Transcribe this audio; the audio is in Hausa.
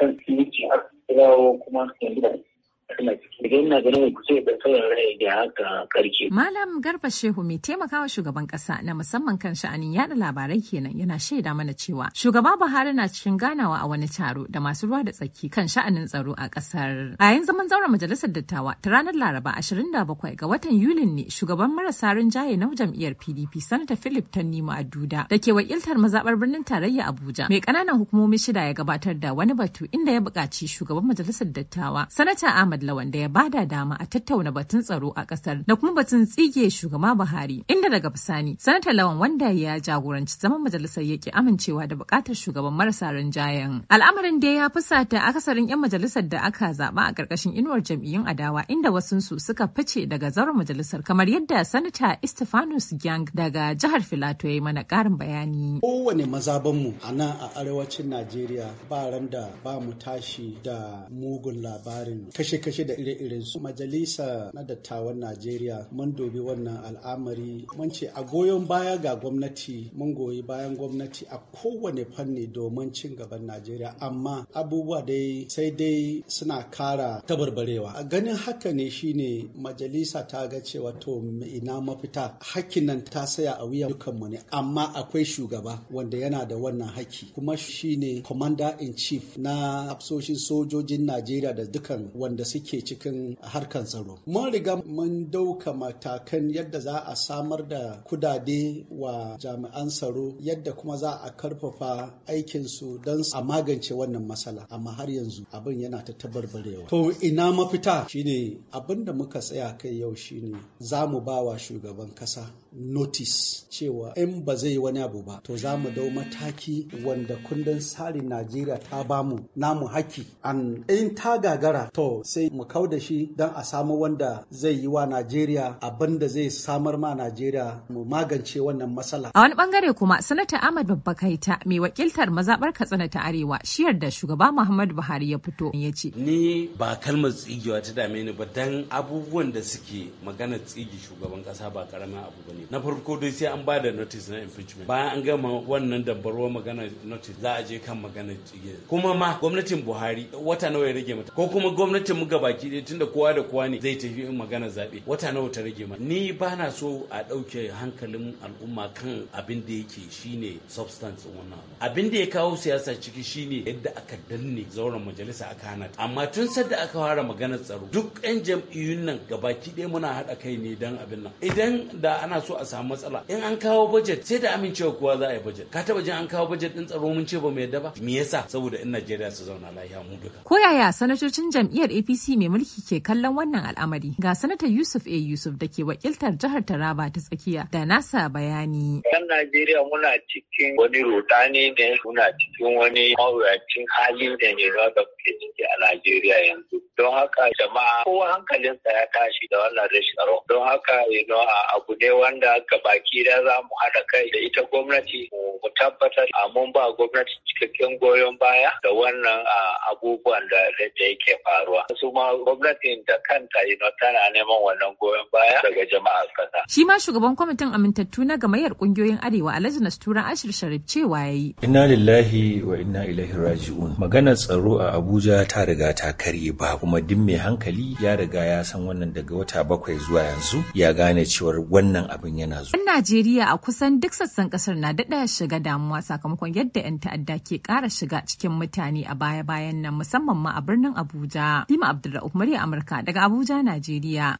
kan CG har kuma yanzu da idan ina ganin ku sai da sauran rai da haka karke. Malam Garba Shehu mai taimakawa shugaban kasa na musamman kan sha'anin yada labarai kenan yana shaida mana cewa shugaba Buhari na cikin ganawa a wani taro da masu ruwa da tsaki kan sha'anin tsaro a kasar. A yayin zaman zauren majalisar dattawa ta ranar Laraba bakwai, ga watan Yulin ne shugaban marasa rinjaye na jam'iyyar PDP Sanata Philip Tannima Aduda da ke wakiltar mazabar birnin tarayya Abuja mai ƙananan hukumomi shida ya gabatar da wani batu inda ya buƙaci shugaban majalisar dattawa Sanata Ahmad Lawan da ya ba bada dama a tattauna batun tsaro a kasar da kuma batun tsige shugaba Buhari inda daga bisani sanata Lawan wanda ya jagoranci zaman majalisar yake amincewa da bukatar shugaban marasa rinjayen. Al'amarin da ya fusata akasarin 'yan majalisar da aka zaba a karkashin inuwar jam'iyyun adawa inda wasunsu suka fice daga zauren majalisar kamar yadda sanata Istifanus Gyang daga jihar Filato ya yi mana karin bayani. Kowane mazabanmu a nan a arewacin Najeriya ba ran da ba mu tashi da mugun labarin kashe-kashe da ire-ire irin su majalisa na dattawan najeriya mun dobi wannan al'amari mun ce a goyon baya ga gwamnati mun goyi bayan gwamnati a kowane fanni domin cin gaban najeriya amma abubuwa dai sai dai suna kara tabarbarewa a ganin haka ne shine majalisa ta ga cewa to ina mafita hakkin nan ta saya a wuyan dukanmu ne amma akwai shugaba wanda yana da wannan haki kuma shine commander in chief na hafsoshin sojojin najeriya da dukan wanda suke cikin harkar tsaro mun riga mun dauka matakan yadda za a samar da kudade wa jami'an tsaro yadda kuma za a karfafa aikinsu don a magance wannan matsala amma har yanzu abin yana ta tabarbarewa to ina mafita shine abin da muka tsaya kai yau shine za mu ba wa shugaban kasa notice cewa in ba zai wani abu ba to za mu dau mataki wanda kundin tsarin najeriya ta bamu namu haki an in ta gagara to sai mu kau da shi shi don a samu wanda zai yi wa Najeriya abin da zai samar ma Najeriya mu magance wannan matsala. A wani bangare kuma sanata Ahmad Babbakaita mai wakiltar mazabar Katsina ta Arewa shiyar da shugaba Muhammadu Buhari ya fito ya ce. Ni ba kalmar tsigewa ta dame ni ba dan abubuwan da suke magana tsigi shugaban kasa ba karamin abu bane. Na farko dai sai an bada notice na impeachment. Bayan an gama wannan dabbarwa magana notice za a je kan magana tsige. Kuma ma gwamnatin Buhari wata nawa ya rage mata ko kuma gwamnatin mu gabaki ɗaya tun da kowa da kowa ne zai tafi in magana zaɓe wata nawa ta rage ma ni ba na so a ɗauke hankalin al'umma kan abin da yake shine substance wannan abin da ya kawo siyasa ciki shine yadda aka danne zauren majalisa aka hana amma tun sadda aka fara magana tsaro duk 'yan jam'iyyun nan gabaki ɗaya muna haɗa kai ne dan abin nan idan da ana so a samu matsala in an kawo budget sai da amincewa kowa za a yi budget ka taba jin an kawo budget din tsaro mun ce ba mu yadda ba me yasa saboda in Najeriya su zauna lafiya mu duka ko yaya sanatocin jam'iyyar APC mai mulki ke kallon wannan al'amari ga sanata yusuf a yusuf da ke wakiltar jihar taraba ta tsakiya da nasa bayani yan najeriya muna cikin wani rudani ne muna cikin wani mawuyacin hali da ne da ake ciki a Najeriya yanzu. Don haka jama'a kowa hankalinsa ya tashi da wannan rashin Don haka you a abu ne wanda baki da za mu haɗa kai da ita gwamnati mu tabbatar a mun ba gwamnati cikakken goyon baya da wannan abubuwan da yake faruwa. Su ma gwamnatin da kanta you tana neman wannan goyon baya daga jama'a kasa. Shi ma shugaban kwamitin amintattu na gamayyar kungiyoyin Arewa Alhaji Nasturan Ashir Sharif cewa yayi. Ina lillahi wa inna ilaihi raji'un. Maganar tsaro a abu abuja ta riga ta karye ba kuma duk mai hankali ya riga ya san wannan daga wata bakwai zuwa yanzu ya gane cewar wannan abin yana zuwa. yan najeriya a kusan duk sassan kasar na daɗa shiga damuwa sakamakon yadda yan ta'adda ke ƙara shiga cikin mutane a baya-bayan nan musamman ma a birnin abuja lima abdulrahman murya amurka daga abuja najeriya